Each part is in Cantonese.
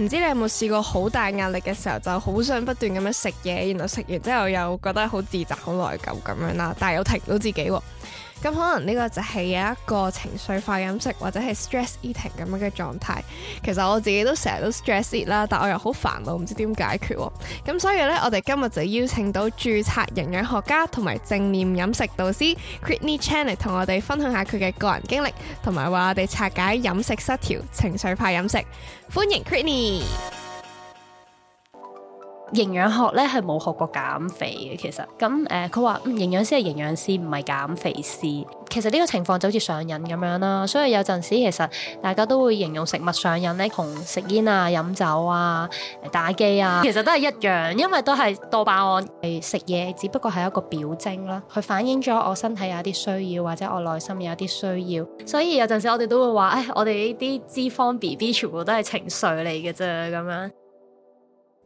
唔知你有冇試過好大壓力嘅時候，就好想不斷咁樣食嘢，然後食完之後又覺得好自責、好內疚咁樣啦，但係又停唔到自己喎。咁可能呢個就係有一個情緒化飲食或者係 stress eating 咁樣嘅狀態。其實我自己都成日都 stress eat 啦，但我又好煩惱，唔知點解決喎。咁所以呢，我哋今日就邀請到註冊營養學家同埋正念飲食導師 Kritney Chan 嚟同我哋分享下佢嘅個人經歷，同埋話我哋拆解飲食失調、情緒化飲食。歡迎 Kritney。營養學咧係冇學過減肥嘅，其實咁誒，佢話、呃嗯、營養師係營養師，唔係減肥師。其實呢個情況就好似上癮咁樣啦。所以有陣時其實大家都會形容食物上癮咧，同食煙啊、飲酒啊、打機啊，其實都係一樣，因為都係多巴胺，誒，食嘢，只不過係一個表徵啦，佢反映咗我身體有啲需要或者我內心有啲需要。所以有陣時我哋都會話誒、哎，我哋呢啲脂肪 B B 全部都係情緒嚟嘅啫咁樣。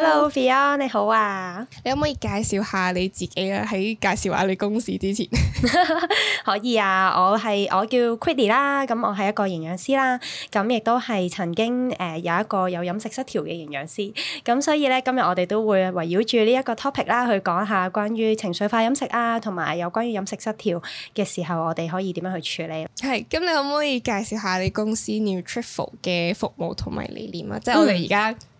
Hello，Fiona，你好啊！你可唔可以介紹下你自己啊？喺介紹下你公司之前， 可以啊！我係我叫 Kritney 啦，咁我係一個營養師啦，咁亦都係曾經誒、呃、有一個有飲食失調嘅營養師，咁所以咧今日我哋都會圍繞住呢一個 topic 啦去講下關於情緒化飲食啊，同埋有關於飲食失調嘅時候，我哋可以點樣去處理？係，咁你可唔可以介紹下你公司 New Trifle 嘅服務同埋理念啊？即係我哋而家。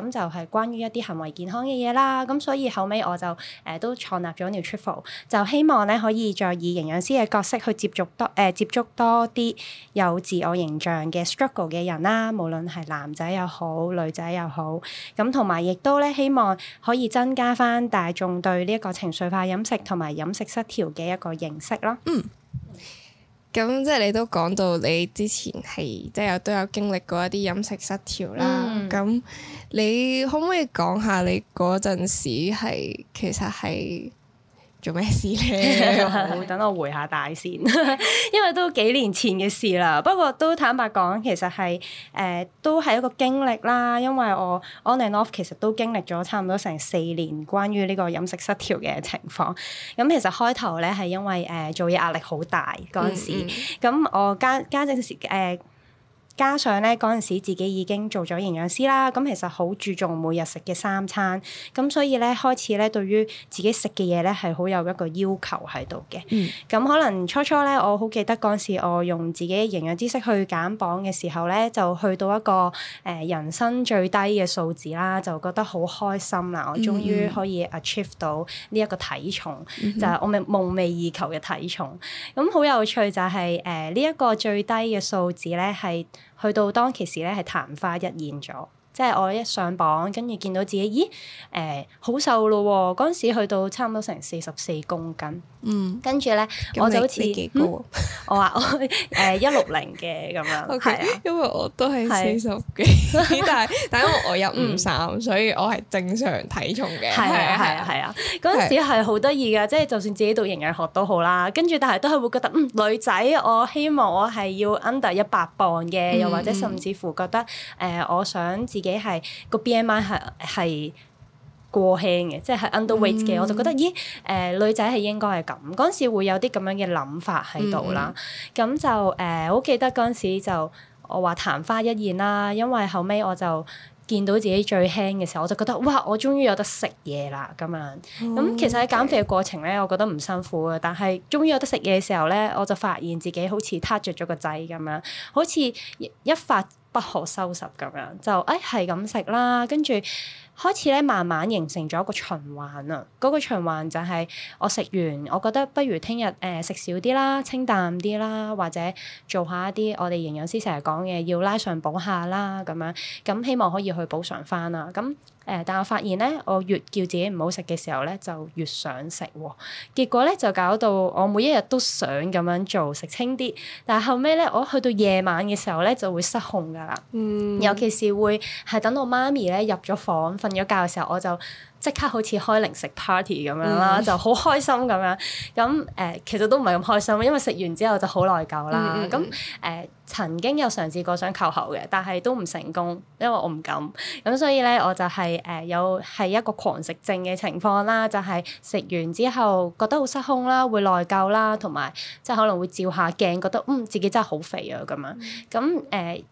咁就係關於一啲行為健康嘅嘢啦，咁所以後尾我就誒、呃、都創立咗條 channel，就希望咧可以再以營養師嘅角色去接觸多誒、呃、接觸多啲有自我形象嘅 struggle 嘅人啦，無論係男仔又好，女仔又好，咁同埋亦都咧希望可以增加翻大眾對呢一個情緒化飲食同埋飲食失調嘅一個認識咯。嗯。咁即係你都講到你之前係，即係都有經歷過一啲飲食失調啦。咁、嗯、你可唔可以講下你嗰陣時係其實係？做咩事咧？等我回下大先，因為都幾年前嘅事啦。不過都坦白講，其實係誒、呃、都係一個經歷啦。因為我 on and off 其實都經歷咗差唔多成四年關於呢個飲食失調嘅情況。咁其實開頭咧係因為誒、呃、做嘢壓力好大嗰陣、嗯嗯、時，咁我家家陣時誒。加上咧嗰陣時自己已經做咗營養師啦，咁其實好注重每日食嘅三餐，咁所以咧開始咧對於自己食嘅嘢咧係好有一個要求喺度嘅。嗯，咁可能初初咧我好記得嗰陣時我用自己嘅營養知識去減磅嘅時候咧，就去到一個誒人生最低嘅數字啦，就覺得好開心啦！我終於可以 achieve 到呢一個體重，嗯、就係我未夢寐以求嘅體重。咁好、嗯、哼有趣就係誒呢一個最低嘅數字咧係。去到當其時，咧，係曇花一現咗。即係我一上磅，跟住見到自己，咦？誒，好瘦咯！嗰陣時去到差唔多成四十四公斤，嗯，跟住咧，我就好似幾高，我話我誒一六零嘅咁樣，係啊，因為我都係四十幾，但係但因為我有五三，所以我係正常體重嘅，係啊，係啊，係啊，嗰陣時係好得意噶，即係就算自己讀營養學都好啦，跟住但係都係會覺得，嗯，女仔我希望我係要 under 一百磅嘅，又或者甚至乎覺得誒，我想自己。自己係個 B M I 係係過輕嘅，即係 underweight 嘅。嗯、我就覺得咦，誒、呃、女仔係應該係咁，嗰陣時會有啲咁樣嘅諗法喺度啦。咁、嗯、就誒好、呃、記得嗰陣時就我話曇花一現啦。因為後尾我就見到自己最輕嘅時候，我就覺得哇！我終於有得食嘢啦咁樣。咁、嗯、其實喺減肥嘅過程咧，我覺得唔辛苦嘅。但係終於有得食嘢嘅時候咧，我就發現自己好似撻着咗個掣咁樣，好似一發。不可收拾咁樣，就誒係咁食啦，跟住開始咧慢慢形成咗一個循環啊。嗰個循環就係我食完，我覺得不如聽日誒食少啲啦，清淡啲啦，或者做下一啲我哋營養師成日講嘅，要拉上補下啦，咁樣咁希望可以去補償翻啦，咁。誒，但我發現咧，我越叫自己唔好食嘅時候咧，就越想食喎。結果咧，就搞到我每一日都想咁樣做，食清啲。但係後尾咧，我去到夜晚嘅時候咧，就會失控㗎啦。嗯、尤其是會係等我媽咪咧入咗房、瞓咗覺嘅時候，我就。即刻好似開零食 party 咁樣啦，嗯、就好開心咁樣。咁誒、呃，其實都唔係咁開心，因為食完之後就好內疚啦。咁誒、嗯嗯呃，曾經有嘗試過想扣喉嘅，但係都唔成功，因為我唔敢。咁所以咧，我就係、是、誒、呃、有係一個狂食症嘅情況啦，就係、是、食完之後覺得好失控啦，會內疚啦，同埋即係可能會照下鏡，覺得嗯，自己真係好肥啊咁樣。咁誒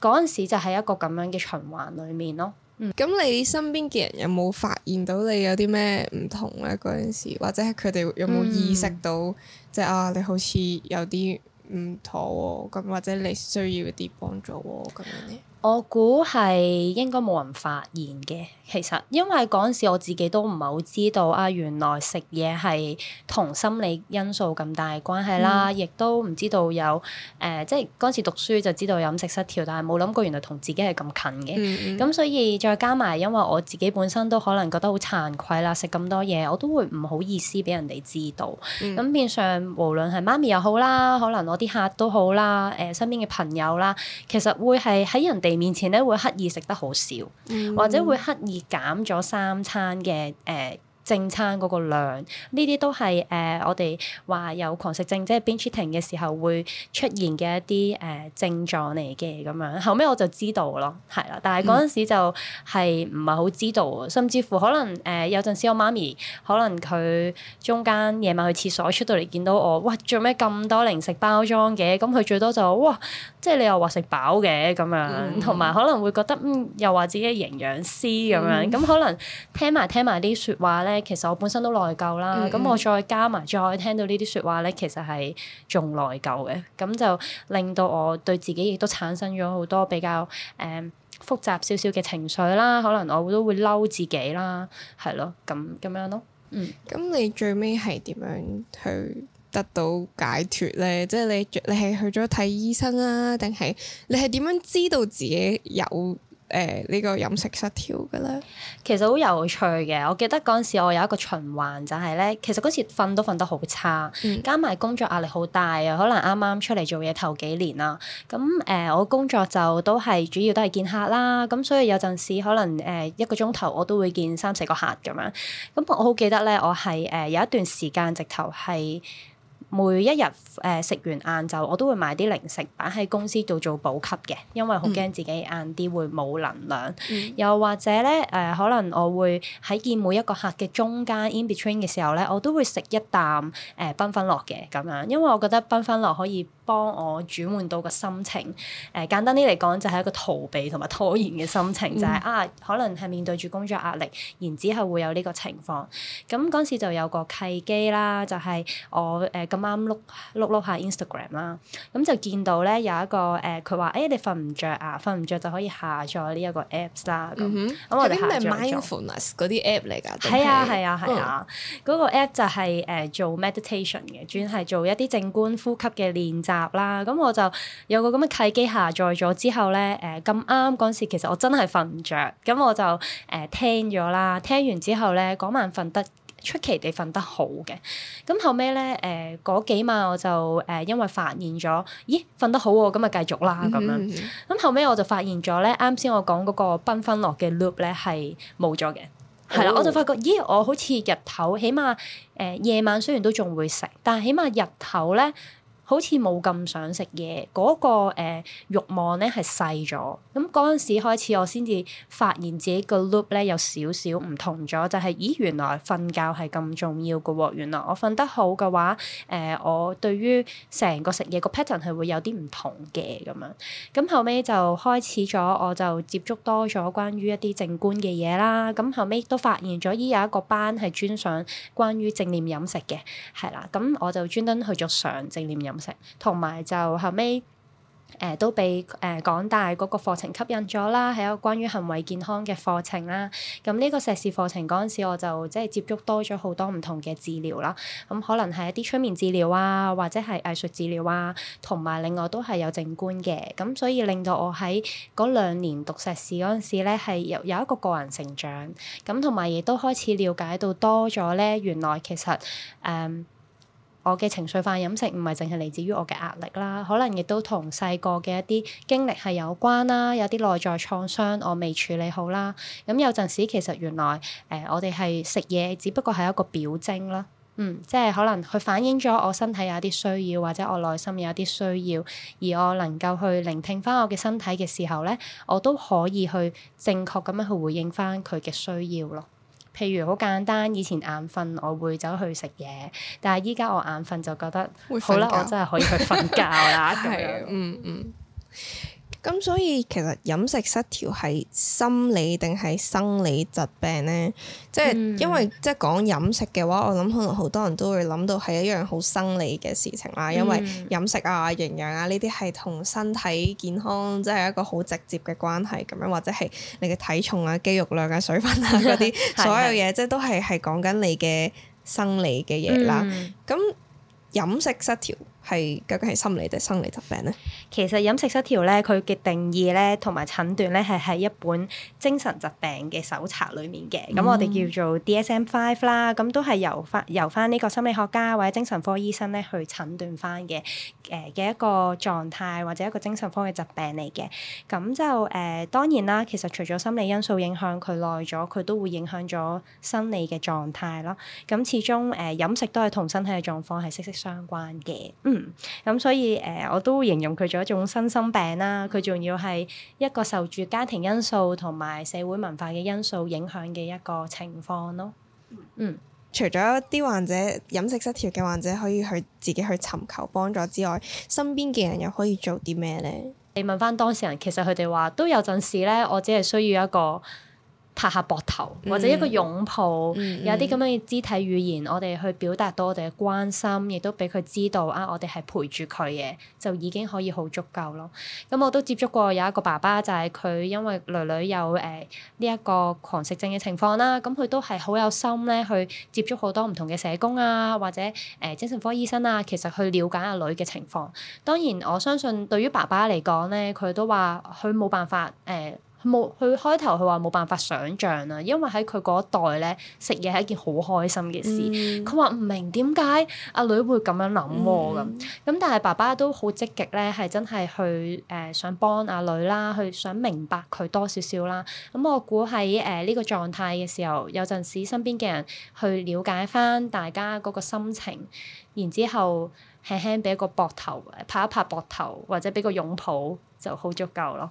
嗰陣時就喺一個咁樣嘅循環裡面咯。咁你身邊嘅人有冇發現到你有啲咩唔同咧？嗰陣時，或者係佢哋有冇意識到，嗯、即係啊，你好似有啲唔妥喎，咁或者你需要一啲幫助喎咁樣咧。我估係應該冇人發現嘅，其實因為嗰陣時我自己都唔係好知道啊，原來食嘢係同心理因素咁大關係啦，亦都唔知道有誒、呃、即係嗰陣時讀書就知道飲食失調，但係冇諗過原來同自己係咁近嘅。咁、嗯嗯、所以再加埋，因為我自己本身都可能覺得好慚愧啦，食咁多嘢，我都會唔好意思俾人哋知道。咁、嗯、變相無論係媽咪又好啦，可能我啲客都好啦，誒、呃、身邊嘅朋友啦，其實會係喺人哋面前咧，會刻意食得好少，嗯、或者會刻意減咗三餐嘅誒。Uh 正餐嗰個量，呢啲都係誒、呃、我哋話有狂食症，即係 binge eating 嘅時候會出現嘅一啲誒、呃、症狀嚟嘅咁樣，後尾我就知道咯，係啦，但係嗰陣時就係唔係好知道，甚至乎可能誒、呃、有陣時我媽咪可能佢中間夜晚去廁所出到嚟見到我，哇，做咩咁多零食包裝嘅？咁佢最多就哇，即係你又話食飽嘅咁樣，同埋，嗯、可能會覺得嗯，又話自己係營養師咁樣，咁、嗯嗯、可能聽埋聽埋啲說話咧。其實我本身都內疚啦，咁、嗯、我再加埋再聽到呢啲說話咧，其實係仲內疚嘅，咁就令到我對自己亦都產生咗好多比較誒、嗯、複雜少少嘅情緒啦。可能我都會嬲自己啦，係咯，咁咁樣咯。嗯，咁你最尾係點樣去得到解脫咧？即係你你係去咗睇醫生啊？定係你係點樣知道自己有？誒呢、呃這個飲食失調嘅咧，其實好有趣嘅。我記得嗰陣時我有一個循環，就係、是、咧，其實嗰時瞓都瞓得好差，嗯、加埋工作壓力好大啊。可能啱啱出嚟做嘢頭幾年啦。咁誒、呃，我工作就都係主要都係見客啦。咁所以有陣時可能誒一個鐘頭我都會見三四個客咁樣。咁我好記得咧，我係誒、呃、有一段時間直頭係。每一日誒食完晏晝，我都會買啲零食擺喺公司度做，做補給嘅，因為好驚自己晏啲會冇能量。嗯、又或者咧誒、呃，可能我會喺見每一個客嘅中間 in between 嘅時候咧，我都會食一啖誒冰粉樂繽紛樂嘅咁樣，因為我覺得繽紛樂可以。幫我轉換到個心情，誒簡單啲嚟講就係一個逃避同埋拖延嘅心情，就係啊可能係面對住工作壓力，然之後會有呢個情況，咁陣時就有個契機啦，就係我誒咁啱碌碌碌下 Instagram 啦，咁就見到咧有一個誒佢話誒你瞓唔着啊，瞓唔着就可以下載呢一個 apps 啦。咁我哋啲咩 Mindfulness 嗰啲 app 嚟㗎？係啊係啊係啊，嗰個 app 就係誒做 meditation 嘅，專係做一啲靜觀呼吸嘅練習。啦，咁我就有個咁嘅契機，下載咗之後咧，誒咁啱嗰陣時，其實我真係瞓唔着，咁我就誒、呃、聽咗啦。聽完之後咧，嗰晚瞓得出奇地瞓得好嘅。咁後尾咧，誒、呃、嗰幾晚我就誒、呃、因為發現咗，咦瞓得好喎，咁啊繼續啦咁樣。咁、嗯、後尾我就發現咗咧，啱先我講嗰個繽紛樂嘅 loop 咧係冇咗嘅，係啦、哦，我就發覺，咦我好似日頭起碼，誒、呃、夜晚雖然都仲會食，但係起碼日頭咧。好似冇咁想食嘢，嗰、那個誒欲、呃、望咧係細咗。咁嗰陣時開始，我先至發現自己個 loop 咧有少少唔同咗。就係、是、咦，原來瞓覺係咁重要嘅喎、啊，原來我瞓得好嘅話誒、呃、我對於成個食嘢個 pattern 係會有啲唔同嘅，咁樣，咁後尾就開始咗，我就接觸多咗關於一啲正觀嘅嘢啦。咁後尾都發現咗，咦有一個班係專上關於正念飲食嘅，係啦。咁我就專登去咗上正念飲食。同埋就後尾誒、呃、都畀誒廣、呃、大嗰個課程吸引咗啦，係一個關於行為健康嘅課程啦。咁呢個碩士課程嗰陣時，我就即係接觸多咗好多唔同嘅治療啦。咁可能係一啲催眠治療啊，或者係藝術治療啊，同埋另外都係有正觀嘅。咁所以令到我喺嗰兩年讀碩士嗰陣時咧，係有有一個個人成長。咁同埋亦都開始了解到多咗咧，原來其實誒。呃我嘅情緒化飲食唔係淨係嚟自於我嘅壓力啦，可能亦都同細個嘅一啲經歷係有關啦，有啲內在創傷我未處理好啦。咁有陣時其實原來誒、呃、我哋係食嘢，只不過係一個表徵啦。嗯，即係可能佢反映咗我身體有啲需要，或者我內心有啲需要，而我能夠去聆聽翻我嘅身體嘅時候咧，我都可以去正確咁樣去回應翻佢嘅需要咯。譬如好簡單，以前眼瞓我會走去食嘢，但係依家我眼瞓就覺得好啦，我真係可以去瞓覺啦咁 的樣，嗯嗯。嗯。咁所以其實飲食失調係心理定係生理疾病咧？即係因為即係講飲食嘅話，我諗可能好多人都會諗到係一樣好生理嘅事情啦。因為飲食啊、營養啊呢啲係同身體健康即係一個好直接嘅關係咁樣，或者係你嘅體重啊、肌肉量啊、水分啊嗰啲 是的 所有嘢，即係都係係講緊你嘅生理嘅嘢啦。咁、嗯、飲食失調。係究竟係心理定生理疾病咧？其實飲食失調咧，佢嘅定義咧同埋診斷咧係喺一本精神疾病嘅手冊裡面嘅。咁、嗯、我哋叫做 DSM Five 啦，咁都係由翻由翻呢個心理學家或者精神科醫生咧去診斷翻嘅。誒嘅一個狀態或者一個精神科嘅疾病嚟嘅。咁就誒、呃、當然啦，其實除咗心理因素影響佢耐咗，佢都會影響咗生理嘅狀態咯。咁始終誒、呃、飲食都係同身體嘅狀況係息息相關嘅。嗯。咁、嗯、所以誒、呃，我都形容佢做一種身心病啦，佢仲要係一個受住家庭因素同埋社會文化嘅因素影響嘅一個情況咯。嗯，除咗啲患者飲食失調嘅患者可以去自己去尋求幫助之外，身邊嘅人又可以做啲咩咧？你問翻當事人，其實佢哋話都有陣時咧，我只係需要一個。拍下膊頭或者一個擁抱，嗯嗯嗯、有啲咁樣嘅肢體語言，我哋去表達到我哋嘅關心，亦都俾佢知道啊，我哋係陪住佢嘅，就已經可以好足夠咯。咁、嗯、我都接觸過有一個爸爸，就係、是、佢因為女女有誒呢一個狂食症嘅情況啦，咁、嗯、佢都係好有心咧去接觸好多唔同嘅社工啊，或者誒、呃、精神科醫生啊，其實去了解下女嘅情況。當然我相信對於爸爸嚟講咧，佢都話佢冇辦法誒。呃冇佢開頭，佢話冇辦法想象啦，因為喺佢嗰代咧，食嘢係一件好開心嘅事。佢話唔明點解阿女會咁樣諗喎咁。咁、嗯、但係爸爸都好積極咧，係真係去誒想幫阿女啦，去想明白佢多少少啦。咁我估喺誒呢個狀態嘅時候，有陣時身邊嘅人去了解翻大家嗰個心情，然之後輕輕俾個膊頭拍一拍膊頭，或者俾個擁抱就好足夠咯。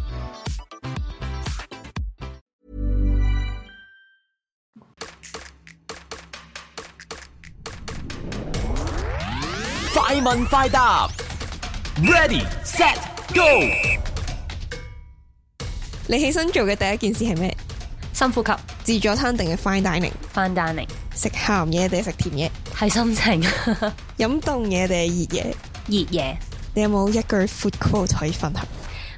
快問快答，Ready Set Go。你起身做嘅第一件事係咩？深呼吸。自助餐定係 Fine dining? Fine Dining？Fine Dining。食鹹嘢定係食甜嘢？係心情。飲凍嘢定係熱嘢？熱嘢夜。你有冇一句 food quote 可以分享？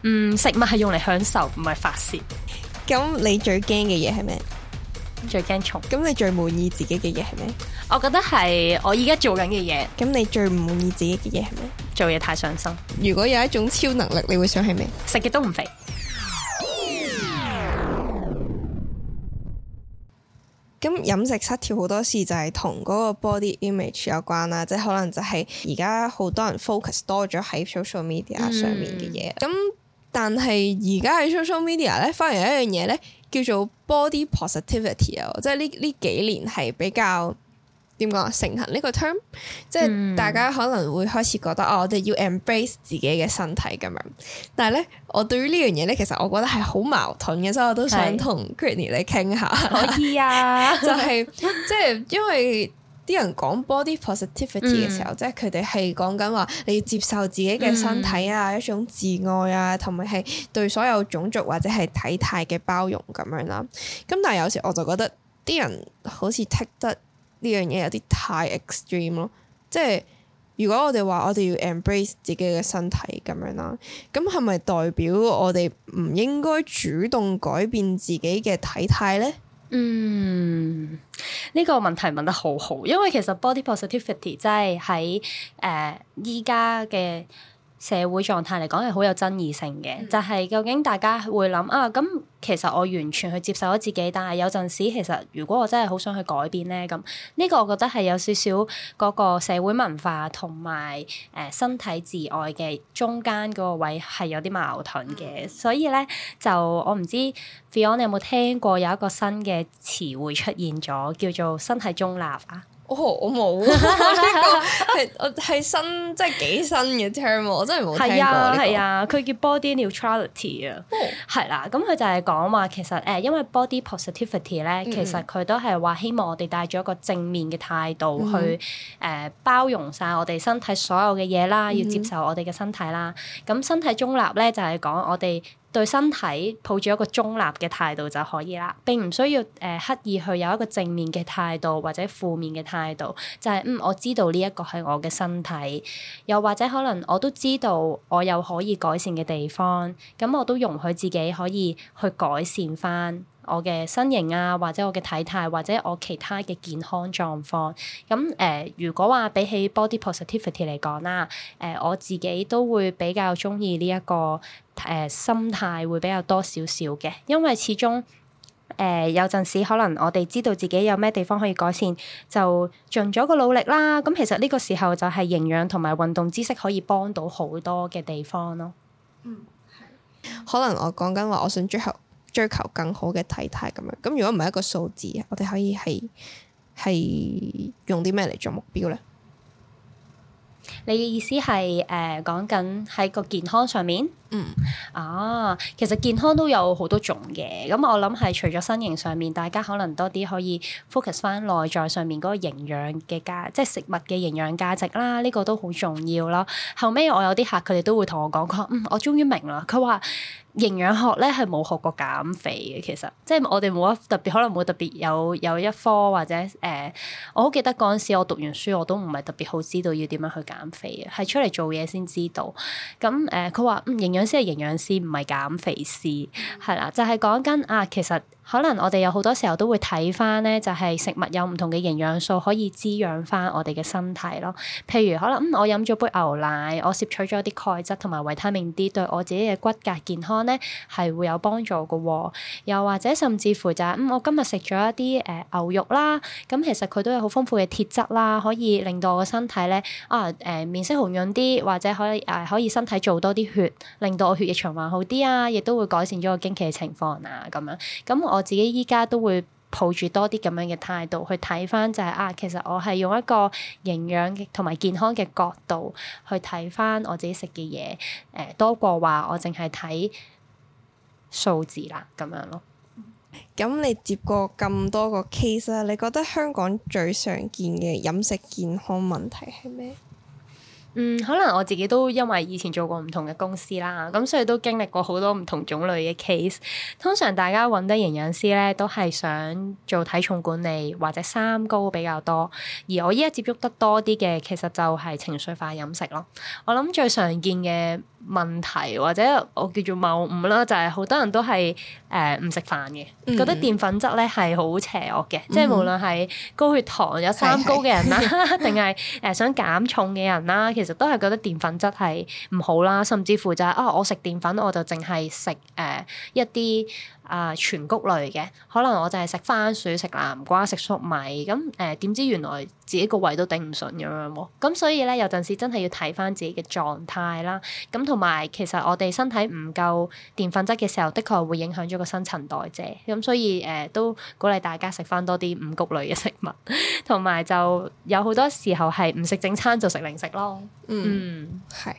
嗯，食物係用嚟享受，唔係發洩。咁你最驚嘅嘢係咩？最驚蟲。咁你最滿意自己嘅嘢係咩？我覺得係我依家做緊嘅嘢。咁你最唔滿意自己嘅嘢係咩？做嘢太上心。如果有一種超能力，你會想係咩？食嘢都唔肥。咁飲食失調好多時就係同嗰個 body image 有關啦，即係可能就係而家好多人 focus 多咗喺 social media 上面嘅嘢。咁、嗯、但係而家喺 social media 咧，反而有一樣嘢咧。叫做 body positivity 啊，即係呢呢幾年係比較點講盛行呢個 term、嗯、即係大家可能會開始覺得啊、哦，我哋要 embrace 自己嘅身體咁樣。但係咧，我對於呢樣嘢咧，其實我覺得係好矛盾嘅，所以我都想同 Kritney 你傾下。可以啊、 就是，就係即係因為。啲人講 body positivity 嘅時候，嗯、即係佢哋係講緊話，你要接受自己嘅身體啊，嗯、一種自愛啊，同埋係對所有種族或者係體態嘅包容咁樣啦。咁但係有時我就覺得啲人好似 take 得呢樣嘢有啲太 extreme 咯。即係如果我哋話我哋要 embrace 自己嘅身體咁樣啦，咁係咪代表我哋唔應該主動改變自己嘅體態咧？嗯，呢、這個問題問得好好，因為其實 body positivity 即係喺誒依家嘅。Uh, 社會狀態嚟講係好有爭議性嘅，嗯、就係究竟大家會諗啊？咁其實我完全去接受咗自己，但係有陣時其實如果我真係好想去改變咧，咁呢個我覺得係有少少嗰個社會文化同埋誒身體自愛嘅中間嗰個位係有啲矛盾嘅。嗯、所以咧，就我唔知 Fiona 你有冇聽過有一個新嘅詞彙出現咗，叫做身體中立啊。我冇啊，係我係新，即係幾新嘅 term，我真係冇聽過。係啊，係啊，佢叫 body neutrality。哦、啊，係啦。咁佢就係講話，其實誒，因為 body positivity 咧，其實佢都係話希望我哋帶咗一個正面嘅態度去誒包容晒我哋身體所有嘅嘢啦，要接受我哋嘅身體啦。咁身體中立咧，就係講我哋。對身體抱住一個中立嘅態度就可以啦，並唔需要誒、呃、刻意去有一個正面嘅態度或者負面嘅態度，就係、是、嗯，我知道呢一個係我嘅身體，又或者可能我都知道我有可以改善嘅地方，咁我都容許自己可以去改善返。我嘅身形啊，或者我嘅體態，或者我其他嘅健康狀況。咁誒、呃，如果話比起 body positivity 嚟講啦，誒、呃、我自己都會比較中意呢一個誒、呃、心態會比較多少少嘅，因為始終誒、呃、有陣時可能我哋知道自己有咩地方可以改善，就盡咗個努力啦。咁其實呢個時候就係營養同埋運動知識可以幫到好多嘅地方咯。嗯嗯、可能我講緊話，我想最後，追求更好嘅體態咁樣，咁如果唔係一個數字啊，我哋可以係係用啲咩嚟做目標咧？你嘅意思係誒講緊喺個健康上面？嗯，啊，其實健康都有好多種嘅，咁我諗係除咗身形上面，大家可能多啲可以 focus 翻內在上面嗰個營養嘅價，即係食物嘅營養價值啦，呢個都好重要啦。後尾我有啲客佢哋都會同我講講，嗯，我終於明啦，佢話。營養學咧係冇學過減肥嘅，其實即係我哋冇一特別，可能冇特別有有一科或者誒、呃，我好記得嗰陣時我讀完書我都唔係特別好知道要點樣去減肥嘅，係出嚟做嘢先知道。咁、嗯、誒，佢、呃、話、嗯、營養師係營養師，唔係減肥師，係、嗯、啦，就係講緊啊，其實。可能我哋有好多時候都會睇返咧，就係食物有唔同嘅營養素可以滋養返我哋嘅身體咯。譬如可能，嗯，我飲咗杯牛奶，我攝取咗啲鈣質同埋維他命 D 對我自己嘅骨骼健康咧係會有幫助㗎喎。又或者甚至乎就係、是，嗯，我今日食咗一啲誒、呃、牛肉啦，咁其實佢都有好豐富嘅鐵質啦，可以令到我嘅身體咧啊誒、呃、面色紅潤啲，或者可以誒、啊、可以身體做多啲血，令到我血液循環好啲啊，亦都會改善咗我經期嘅情況啊，咁樣咁我。我自己依家都會抱住多啲咁樣嘅態度去睇翻、就係，就係啊，其實我係用一個營養同埋健康嘅角度去睇翻我自己食嘅嘢，誒、呃、多過話我淨係睇數字啦咁樣咯。咁、嗯、你接過咁多個 case 咧，你覺得香港最常見嘅飲食健康問題係咩？嗯，可能我自己都因為以前做過唔同嘅公司啦，咁、嗯、所以都經歷過好多唔同種類嘅 case。通常大家揾啲營養師咧，都係想做體重管理或者三高比較多。而我依家接觸得多啲嘅，其實就係情緒化飲食咯。我諗最常見嘅問題或者我叫做謬誤啦，就係、是、好多人都係誒唔食飯嘅，嗯、覺得澱粉質咧係好邪惡嘅，嗯、即係無論係高血糖有三高嘅人啦，定係誒想減重嘅人啦，其實。 其實都係覺得澱粉質係唔好啦，甚至乎就係、是、啊、哦，我食澱粉，我就淨係食誒一啲。啊、呃、全穀類嘅，可能我就係食番薯、食南瓜、食粟米咁誒，點、呃、知原來自己個胃都頂唔順咁樣喎。咁所以咧，有陣時真係要睇翻自己嘅狀態啦。咁同埋其實我哋身體唔夠澱粉質嘅時候，的確會影響咗個新陳代謝。咁所以誒、呃，都鼓勵大家食翻多啲五穀類嘅食物，同 埋就有好多時候係唔食正餐就食零食咯。嗯，係。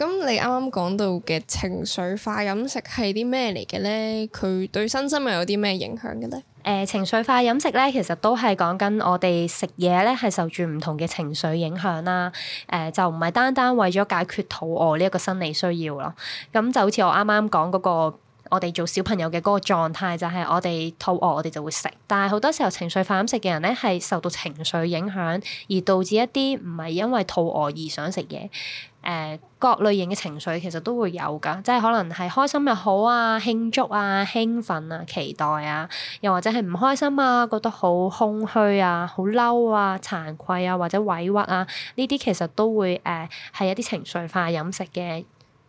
咁你啱啱講到嘅情緒化飲食係啲咩嚟嘅咧？佢對身心又有啲咩影響嘅咧？誒、呃，情緒化飲食咧，其實都係講緊我哋食嘢咧，係受住唔同嘅情緒影響啦。誒、呃，就唔係單單為咗解決肚餓呢一個生理需要咯。咁就好似我啱啱講嗰個，我哋做小朋友嘅嗰個狀態，就係我哋肚餓，我哋就會食。但係好多時候情緒化飲食嘅人咧，係受到情緒影響而導致一啲唔係因為肚餓而想食嘢。誒、呃、各類型嘅情緒其實都會有噶，即係可能係開心又好啊、慶祝啊、興奮啊、期待啊，又或者係唔開心啊、覺得好空虛啊、好嬲啊、慚愧啊或者委屈啊，呢啲其實都會誒係、呃、一啲情緒化飲食嘅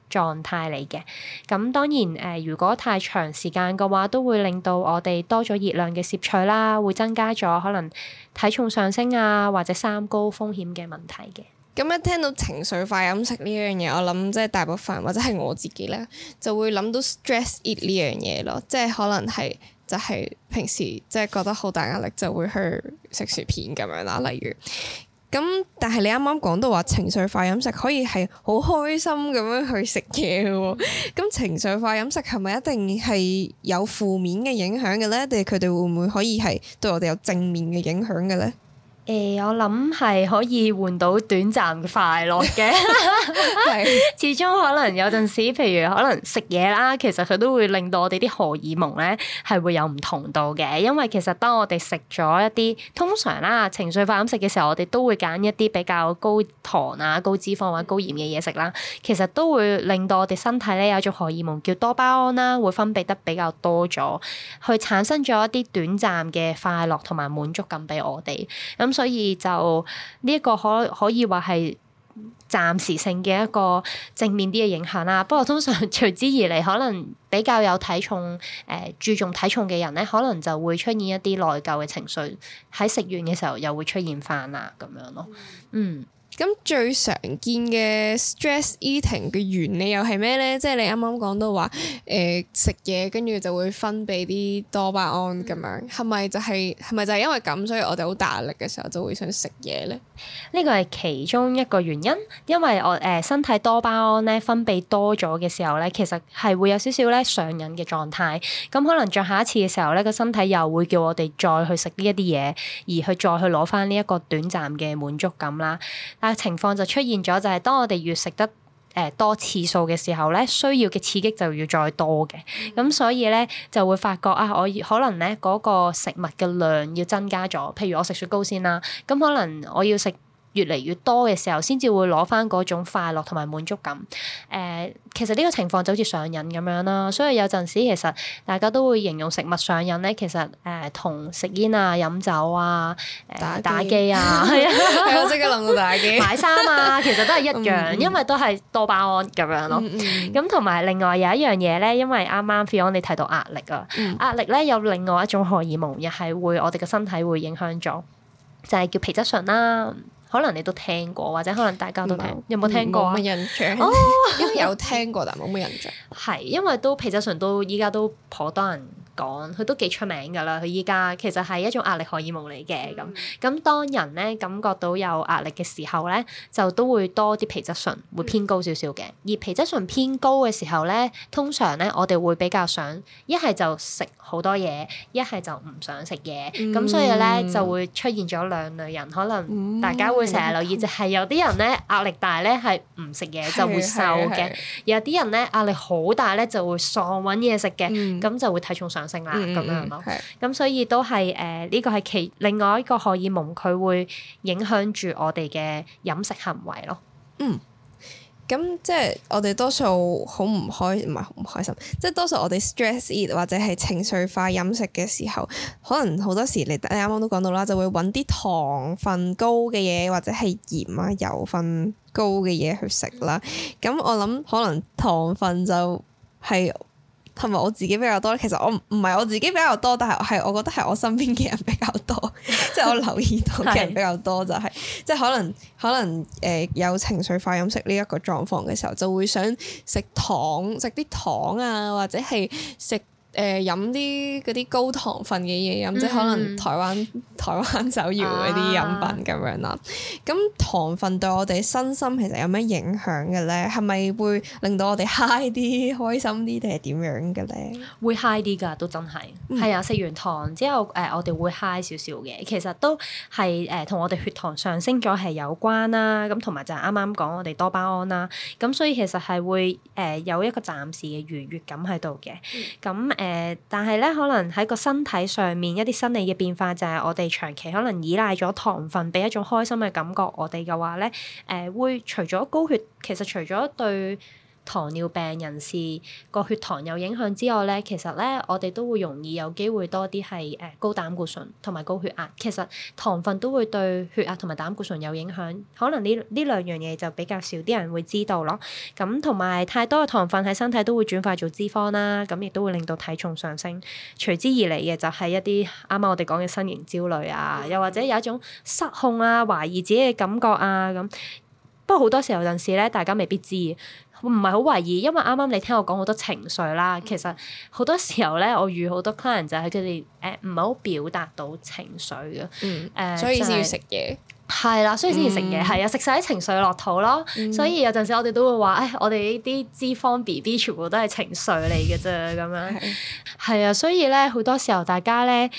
狀態嚟嘅。咁當然誒、呃，如果太長時間嘅話，都會令到我哋多咗熱量嘅攝取啦，會增加咗可能體重上升啊或者三高風險嘅問題嘅。咁一聽到情緒化飲食呢樣嘢，我諗即係大部分或者係我自己咧，就會諗到 stress eat 呢樣嘢咯，即係可能係就係平時即係覺得好大壓力就會去食薯片咁樣啦。例如，咁但係你啱啱講到話情緒化飲食可以係好開心咁樣去食嘢喎，咁 情緒化飲食係咪一定係有負面嘅影響嘅咧？定係佢哋會唔會可以係對我哋有正面嘅影響嘅咧？誒、欸，我諗係可以換到短暫快樂嘅，始終可能有陣時，譬如可能食嘢啦，其實佢都會令到我哋啲荷爾蒙咧係會有唔同度嘅，因為其實當我哋食咗一啲通常啦情緒化咁食嘅時候，我哋都會揀一啲比較高糖啊、高脂肪或者高鹽嘅嘢食啦，其實都會令到我哋身體咧有一種荷爾蒙叫多巴胺啦，會分泌得比較多咗，去產生咗一啲短暫嘅快樂同埋滿足感俾我哋咁。咁、嗯、所以就呢一個可可以話係暫時性嘅一個正面啲嘅影響啦，不過通常隨之而嚟，可能比較有體重誒、呃、注重體重嘅人咧，可能就會出現一啲內疚嘅情緒，喺食完嘅時候又會出現返啦，咁樣咯，嗯。咁最常見嘅 stress eating 嘅原理又係咩咧？即係你啱啱講到話，誒食嘢跟住就會分泌啲多巴胺咁樣，係咪、嗯、就係係咪就係因為咁，所以我哋好大壓力嘅時候就會想食嘢咧？呢個係其中一個原因，因為我誒、呃、身體多巴胺咧分泌多咗嘅時候咧，其實係會有少少咧上癮嘅狀態。咁可能再下一次嘅時候咧，個身體又會叫我哋再去食呢一啲嘢，而去再去攞返呢一個短暫嘅滿足感啦。但係情況就出現咗，就係當我哋越食得。誒、呃、多次數嘅時候咧，需要嘅刺激就要再多嘅，咁所以咧就會發覺啊，我可能咧嗰、嗰個食物嘅量要增加咗，譬如我食雪糕先啦，咁可能我要食，越嚟越多嘅時候，先至會攞翻嗰種快樂同埋滿足感。誒、呃，其實呢個情況就好似上癮咁樣啦。所以有陣時，其實大家都會形容食物上癮咧。其實誒，同、呃、食煙啊、飲酒啊、呃、打機打機啊，即刻諗到打機、買衫啊，其實都係一樣， 嗯、因為都係多巴胺咁樣咯。咁同埋另外有一樣嘢咧，因為啱啱 Fiona 你提到壓力啊，嗯、壓力咧有另外一種荷爾蒙，又係會我哋嘅身體會影響咗，就係、是、叫皮質醇啦。可能你都聽過，或者可能大家都聽，有冇聽過啊？冇乜印象哦，有聽過但冇乜印象。係 因為都，皮質上都依家都頗多人講佢都幾出名㗎啦，佢依家其實係一種壓力荷爾蒙嚟嘅咁。咁、嗯、當人咧感覺到有壓力嘅時候咧，就都會多啲皮質醇，會偏高少少嘅。嗯、而皮質醇偏高嘅時候咧，通常咧我哋會比較想一係就食好多嘢，一係就唔想食嘢。咁、嗯、所以咧就會出現咗兩類人，可能大家會成日留意，嗯、就係有啲人咧壓力大咧係唔食嘢就會瘦嘅，有啲人咧壓力好大咧就會喪揾嘢食嘅，咁就會體重上咁、嗯、樣咯，咁、嗯、所以都係誒，呢、呃這個係其另外一個荷爾蒙，佢會影響住我哋嘅飲食行為咯。嗯，咁即係我哋多數好唔開，唔係好唔開心，即係多數我哋 stress eat 或者係情緒化飲食嘅時候，可能好多時你你啱啱都講到啦，就會搵啲糖分高嘅嘢或者係鹽啊油分高嘅嘢去食啦。咁、嗯、我諗可能糖分就係、是。同埋我自己比較多，其實我唔唔係我自己比較多，但係係我覺得係我身邊嘅人比較多，即係 我留意到嘅人比較多，就係， 是就係即係可能可能誒有情緒化飲食呢一個狀況嘅時候，就會想食糖，食啲糖啊，或者係食。誒飲啲嗰啲高糖分嘅嘢飲，嗯嗯即係可能台灣台灣手搖嗰啲飲品咁樣啦。咁、啊、糖分對我哋身心其實有咩影響嘅咧？係咪會令到我哋 high 啲、開心啲定係點樣嘅咧？會 high 啲㗎，都真係。係、嗯、啊，食完糖之後誒、呃，我哋會 high 少少嘅。其實都係誒，同、呃、我哋血糖上升咗係有關啦。咁同埋就係啱啱講我哋多巴胺啦。咁所以其實係會誒、呃、有一個暫時嘅愉悅感喺度嘅。咁誒、呃，但係咧，可能喺個身體上面一啲生理嘅變化，就係我哋長期可能依賴咗糖分，俾一種開心嘅感覺。我哋嘅話咧，誒、呃，會除咗高血，其實除咗對。糖尿病人士個血糖有影響之外咧，其實咧，我哋都會容易有機會多啲係誒高膽固醇同埋高血壓。其實糖分都會對血壓同埋膽固醇有影響，可能呢呢兩樣嘢就比較少啲人會知道咯。咁同埋太多嘅糖分喺身體都會轉化做脂肪啦，咁亦都會令到體重上升。隨之而嚟嘅就係一啲啱啱我哋講嘅身形焦慮啊，又或者有一種失控啊、懷疑自己嘅感覺啊咁。不過好多時候有陣時咧，大家未必知。唔係好懷疑，因為啱啱你聽我講好多情緒啦。其實好多時候咧，我遇好多 client 就係佢哋誒唔係好表達到情緒嘅，誒、嗯呃、所以先至要食嘢，係啦，所以先至食嘢，係啊、嗯，食晒啲情緒落肚咯、嗯哎。所以有陣時我哋都會話誒，我哋呢啲脂肪 B B 全部都係情緒嚟嘅啫，咁樣係啊。所以咧好多時候，大家咧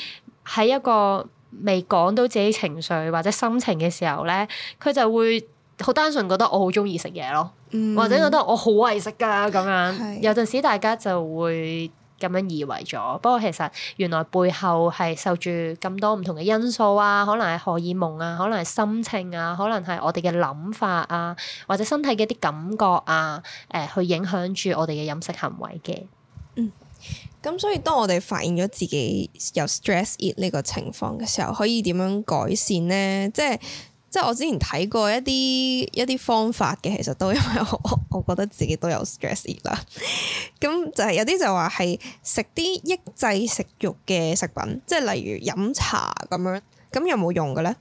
喺一個未講到自己情緒或者心情嘅時候咧，佢就會。好單純覺得我好中意食嘢咯，嗯、或者覺得我好為食噶咁樣。是有陣時大家就會咁樣以為咗，不過其實原來背後係受住咁多唔同嘅因素啊，可能係荷爾蒙啊，可能係心情啊，可能係我哋嘅諗法啊，或者身體嘅一啲感覺啊，誒、呃、去影響住我哋嘅飲食行為嘅。嗯，咁所以當我哋發現咗自己有 stress eat 呢個情況嘅時候，可以點樣改善咧？即係。即係我之前睇過一啲一啲方法嘅，其實都因為我我覺得自己都有 stress 啦。咁 就係、是、有啲就話係食啲抑制食欲嘅食品，即係例如飲茶咁樣，咁有冇用嘅咧？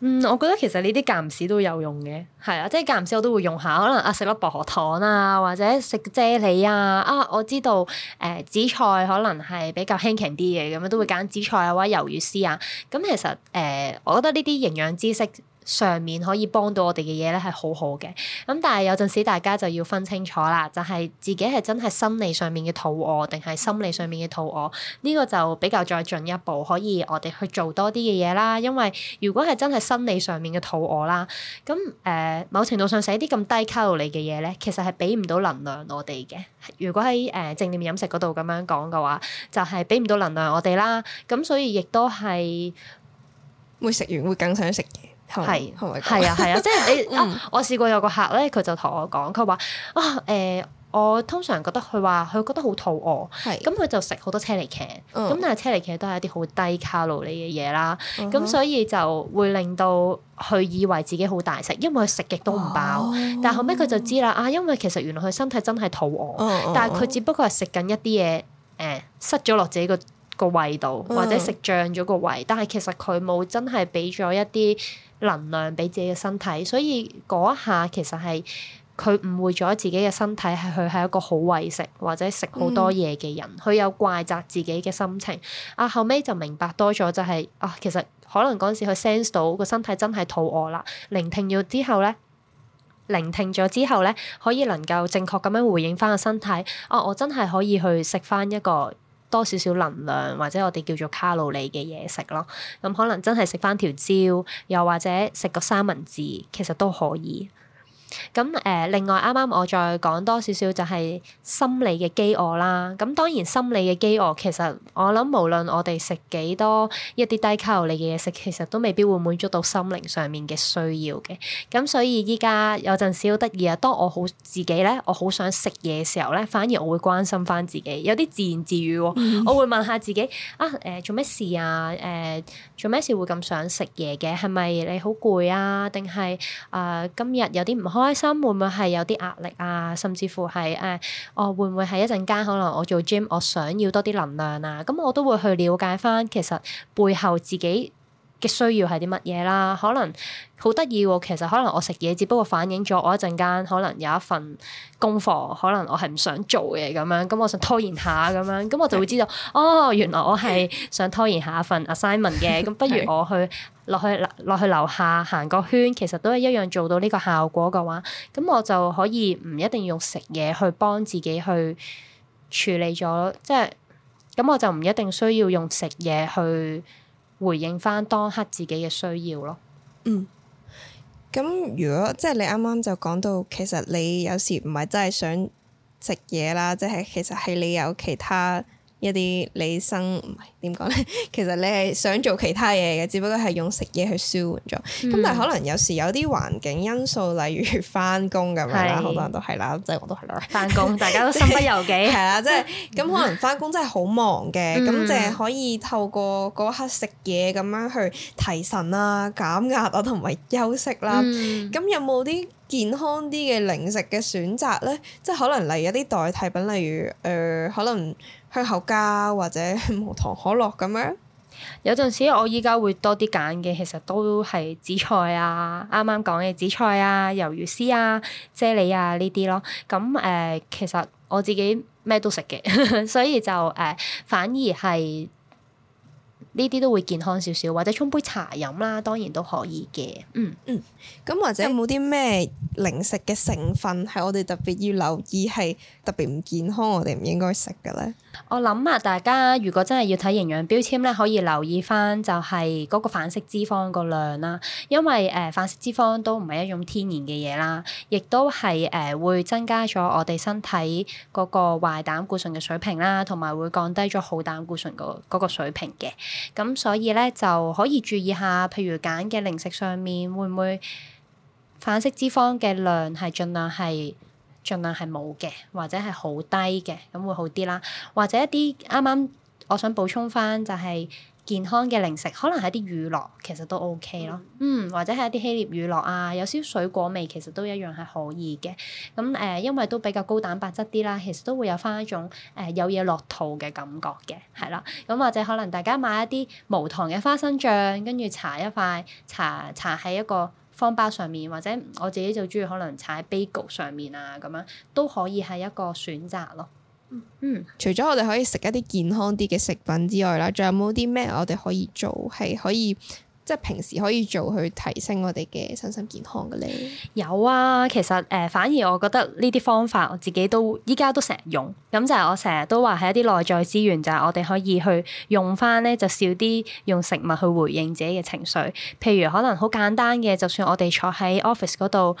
嗯，我覺得其實呢啲間唔時都有用嘅，係啊，即係間唔時我都會用下，可能啊食粒薄荷糖啊，或者食啫喱啊。啊，我知道誒、呃、紫菜可能係比較輕盈啲嘅，咁樣都會揀紫菜啊，或者魷魚絲啊。咁其實誒、呃，我覺得呢啲營養知識。上面可以幫到我哋嘅嘢咧，係好好嘅。咁但係有陣時大家就要分清楚啦，就係、是、自己係真係生理上面嘅肚餓，定係心理上面嘅肚餓？呢、這個就比較再進一步，可以我哋去做多啲嘅嘢啦。因為如果係真係生理上面嘅肚餓啦，咁誒、呃、某程度上食啲咁低卡路里嘅嘢咧，其實係俾唔到能量我哋嘅。如果喺誒、呃、正念飲食嗰度咁樣講嘅話，就係俾唔到能量我哋啦。咁所以亦都係會食完會更想食嘢。係，係啊，係啊， 即係你啊！我試過有個客咧，佢就同我講，佢話啊，誒、哦欸，我通常覺得佢話佢覺得好肚餓，咁佢是就食好多車厘茄，咁、嗯、但係車厘茄都係一啲好低卡路里嘅嘢啦，咁、嗯、哼所以就會令到佢以為自己好大食，因為佢食極都唔飽，哦、但係後尾佢就知啦，啊，因為其實原來佢身體真係肚餓，嗯、但係佢只不過係食緊一啲嘢，誒、呃，塞咗落自己個。個胃度，或者食脹咗個胃，但係其實佢冇真係俾咗一啲能量俾自己嘅身體，所以嗰一下其實係佢誤會咗自己嘅身體係佢係一個好為食或者食好多嘢嘅人，佢有怪責自己嘅心情。啊，後尾就明白多咗就係、是、啊，其實可能嗰陣時佢 sense 到個身體真係肚餓啦。聆聽咗之後咧，聆聽咗之後咧，可以能夠正確咁樣回應翻個身體。啊，我真係可以去食翻一個。多少少能量，或者我哋叫做卡路里嘅嘢食咯，咁可能真係食翻條蕉，又或者食個三文治，其實都可以。咁誒，另外啱啱我再講多少少就係心理嘅飢餓啦。咁當然心理嘅飢餓其實我諗無論我哋食幾多一啲低卡路里嘅嘢食，其實都未必會滿足到心靈上面嘅需要嘅。咁所以依家有陣時好得意啊，當我好自己咧，我好想食嘢嘅時候咧，反而我會關心翻自己，有啲自言自語喎、啊。 我會問下自己啊，誒、呃、做咩事啊，誒、呃、做咩事會咁想食嘢嘅？係咪你好攰啊？定係啊今日有啲唔好？開心會唔會係有啲壓力啊？甚至乎係誒，我、啊哦、會唔會係一陣間可能我做 gym，我想要多啲能量啊？咁我都會去了解返，其實背後自己嘅需要係啲乜嘢啦？可能好得意喎，其實可能我食嘢，只不過反映咗我一陣間可能有一份功課，可能我係唔想做嘅咁樣，樣，咁我想拖延下咁樣，咁我就會知道 哦，原來我係想拖延下一份 assignment 嘅，咁 不如我去落去落去樓下行個圈，其實都係一樣做到呢個效果嘅話，咁我就可以唔一定要用食嘢去幫自己去處理咗，即係咁我就唔一定需要用食嘢去。回應翻當刻自己嘅需要咯。嗯，咁如果即係你啱啱就講到，其實你有時唔係真係想食嘢啦，即係其實係你有其他。一啲你生唔係點講咧？其實你係想做其他嘢嘅，只不過係用食嘢去舒緩咗。咁、嗯、但係可能有時有啲環境因素，例如返工咁樣啦，好是多人都係啦，即、就、係、是、我都係啦班。返工 大家都身不由己，係 啦，即係咁可能返工真係好忙嘅，咁淨係可以透過嗰刻食嘢咁樣去提神啊、減壓啊，同埋休息啦。咁、嗯、有冇啲？健康啲嘅零食嘅選擇咧，即係可能嚟一啲代替品，例如誒、呃，可能香口膠或者無糖可樂咁樣。有陣時我依家會多啲揀嘅，其實都係紫菜啊，啱啱講嘅紫菜啊、魷魚絲啊、啫喱啊呢啲咯。咁、呃、誒，其實我自己咩都食嘅， 所以就誒、呃，反而係。呢啲都會健康少少，或者沖杯茶飲啦，當然都可以嘅。嗯嗯，咁或者有冇啲咩零食嘅成分係我哋特別要留意，係特別唔健康，我哋唔應該食嘅咧？我諗啊，大家如果真係要睇營養標籤咧，可以留意返就係嗰個反式脂肪個量啦。因為誒、呃，反式脂肪都唔係一種天然嘅嘢啦，亦都係誒、呃、會增加咗我哋身體嗰個壞膽固醇嘅水平啦，同埋會降低咗好膽固醇個嗰個水平嘅。咁所以咧就可以注意下，譬如揀嘅零食上面會唔會反式脂肪嘅量係盡量係。儘量係冇嘅，或者係好低嘅，咁會好啲啦。或者一啲啱啱我想補充翻就係健康嘅零食，可能係一啲乳酪，其實都 OK 咯。嗯，或者係一啲希臘乳酪啊，有少少水果味其實都一樣係可以嘅。咁、嗯、誒、呃，因為都比較高蛋白質啲啦，其實都會有翻一種誒、呃、有嘢落肚嘅感覺嘅，係啦。咁、嗯、或者可能大家買一啲無糖嘅花生醬，跟住搽一塊，搽搽喺一個方包上面，或者我自己就中意可能搽喺 bagel 上面啊，咁樣都可以係一個選擇咯，嗯。嗯，除咗我哋可以食一啲健康啲嘅食品之外啦，仲有冇啲咩我哋可以做，係可以？即係平時可以做去提升我哋嘅身心健康嘅咧，有啊。其實誒、呃，反而我覺得呢啲方法，我自己都依家都成日用。咁就係我成日都話係一啲內在資源，就係、是、我哋可以去用翻咧，就少啲用食物去回應自己嘅情緒。譬如可能好簡單嘅，就算我哋坐喺 office 嗰度。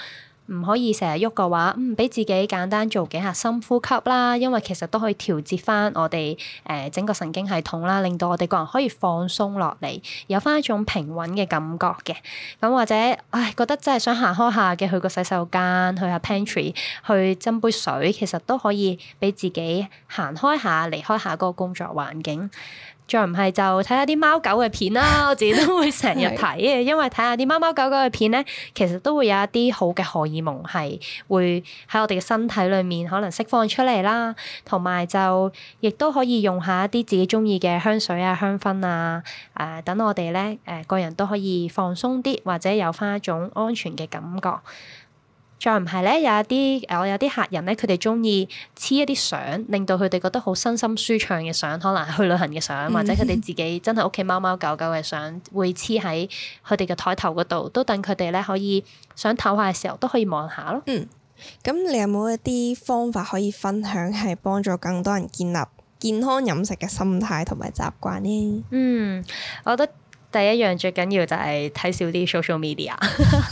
唔可以成日喐嘅話，嗯，俾自己簡單做幾下深呼吸啦，因為其實都可以調節翻我哋誒、呃、整個神經系統啦，令到我哋個人可以放鬆落嚟，有翻一種平穩嘅感覺嘅。咁或者唉，覺得真係想行開下嘅，去個洗手間，去下 pantry，去斟杯水，其實都可以俾自己行開下，離開下嗰個工作環境。再唔係就睇下啲貓狗嘅片啦，我自己都會成日睇嘅，因為睇下啲貓貓狗狗嘅片咧，其實都會有一啲好嘅荷爾蒙係會喺我哋嘅身體裏面可能釋放出嚟啦，同埋就亦都可以用下一啲自己中意嘅香水啊、香薰啊，誒、呃、等我哋咧誒個人都可以放鬆啲，或者有返一種安全嘅感覺。再唔係咧，有啲我有啲客人咧，佢哋中意黐一啲相，令到佢哋覺得好身心舒暢嘅相，可能去旅行嘅相，嗯、哼或者佢哋自己真係屋企貓貓狗狗嘅相，會黐喺佢哋嘅枱頭嗰度，都等佢哋咧可以想唞下嘅時候都可以望下咯。嗯，咁你有冇一啲方法可以分享，係幫助更多人建立健康飲食嘅心態同埋習慣呢？嗯，我覺得。第一樣最緊要就係睇少啲 social media，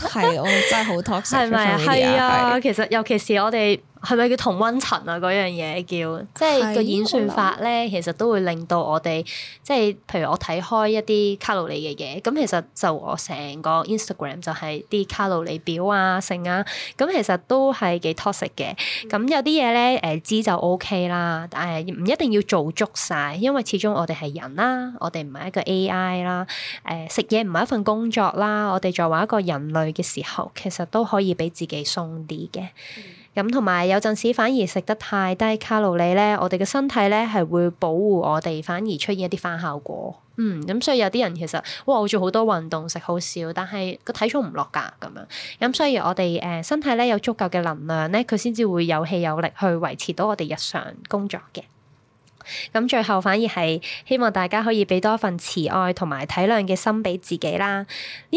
係我真係好 talk，係咪係啊？是其實尤其是我哋。係咪叫同溫層啊？嗰樣嘢叫，即係個演算法咧，其實都會令到我哋，即係譬如我睇開一啲卡路里嘅嘢，咁其實就我成個 Instagram 就係啲卡路里表啊、性啊，咁其實都係幾 toxic 嘅。咁、嗯、有啲嘢咧，誒、呃、知就 O、OK、K 啦，但係唔一定要做足晒，因為始終我哋係人啦，我哋唔係一個 AI 啦，誒、呃、食嘢唔係一份工作啦，我哋作為一個人類嘅時候，其實都可以俾自己鬆啲嘅。嗯咁同埋有陣時反而食得太低卡路里咧，我哋嘅身體咧係會保護我哋，反而出現一啲反效果。嗯，咁、嗯、所以有啲人其實，哇，我做好多運動，食好少，但係個體重唔落格咁樣。咁、嗯、所以我哋誒、呃、身體咧有足夠嘅能量咧，佢先至會有氣有力去維持到我哋日常工作嘅。咁、嗯、最後反而係希望大家可以俾多一份慈愛同埋體諒嘅心俾自己啦。呢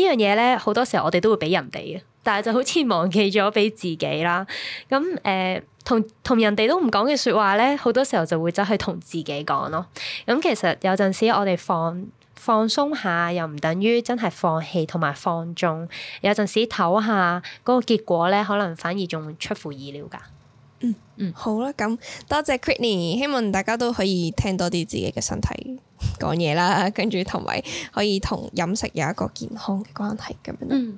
樣嘢咧好多時候我哋都會俾人哋嘅。但係就好似忘記咗俾自己啦，咁、嗯、誒、呃，同同人哋都唔講嘅說話咧，好多時候就會走去同自己講咯。咁、嗯、其實有陣時我哋放放鬆下，又唔等於真係放棄同埋放縱。有陣時唞下嗰，那個結果咧，可能反而仲出乎意料噶。嗯嗯，好啦，咁多謝 Kritney，希望大家都可以聽多啲自己嘅身體講嘢啦，跟住同埋可以同飲食有一個健康嘅關係咁樣。嗯。